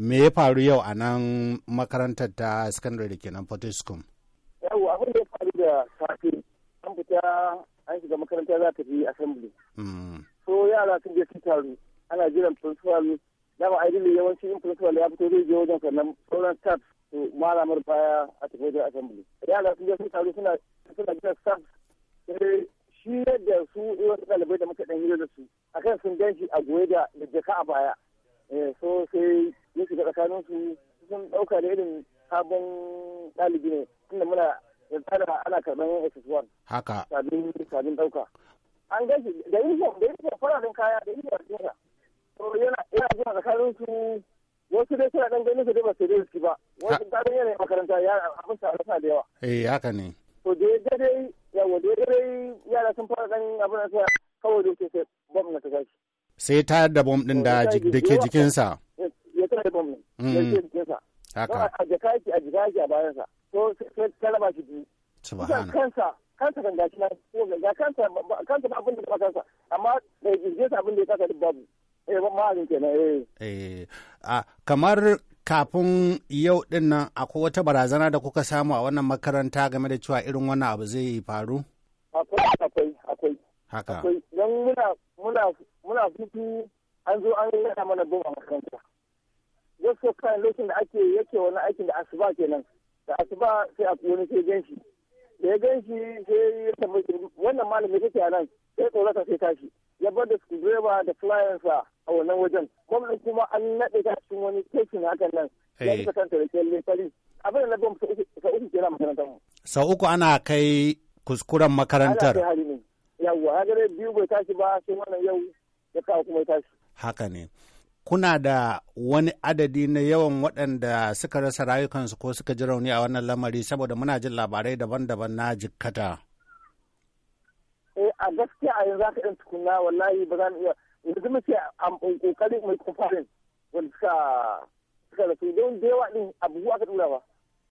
me ya faru yau a nan makarantar ta secondary da ke nan Fortescue? Yau abin da ya faru da safe an fita an shiga makaranta za ta fi assembly. Hmm. So yara sun je sun taru ana jiran principal dama ideally yawanci in principal ya fito zai je wajen sannan sauran staff to malamar baya a tafi wajen assembly. Yara sun je sun taru suna suna jiran staff shi yadda su wasu ɗalibai da muka ɗan hira da su akan sun gan shi a goye da jaka a baya. Eh, so sai ya shiga tsakanin su sun dauka da irin sabon ɗalibi ne tunda muna tsada ana karɓar ss1 haka sabin sabin dauka an gashi da da fararen kaya da shi da to yana yana tsakanin su wasu dai suna ganin su dai ba su dai su ba wasu ɗan makaranta ya abin sa da yawa eh haka ne to da dai yawa da dai yara sun fara ganin abin da kawai da ke sai bom na ta gashi sai tayar da bom ɗin da ke jikinsa. yake mm. jikinsa a jaka yake a jaka yake a bayansa to sai ta raba shi biyu subhana kansa kansa kan gashi na ko ga kansa kansa ba abin da ba kansa amma da jirgin abin da ya kasa duk babu eh ma'azin kenan eh eh a kamar kafin yau din nan akwai wata barazana da kuka samu a wannan makaranta game da cewa irin wannan abu zai faru akwai akwai akwai haka akwai don muna muna muna fito an zo an yi mana goma makaranta gaskiya kan lokacin da ake yake wani aikin da asuba kenan da asuba sai a wani sai gan shi da ya gan shi sai ya tambayi wannan malamin kake a nan sai ka sai tashi ya bar da direba da flyersa a wannan wajen gwamnati kuma an naɗe ta cikin wani keshin hakan nan ya yi eh. kanta da kyalle fari abin da na gwamnati sau uku kenan makarantar mu. sau uku ana kai kuskuren makarantar. yawwa ya biyu bai tashi ba sai wannan yau ya kawo kuma ya tashi. haka ne. kuna da wani adadi na yawan waɗanda suka rasa rayukansu ko suka ji rauni a wannan lamari saboda muna jin labarai daban-daban na jikkata. Eh, a gaskiya a yanzu aka ɗan tukuna wallahi ba za mu iya yanzu muke kokarin mai kofarin wanda suka suka rasu don da yawa ɗin abubuwa aka ɗura ba.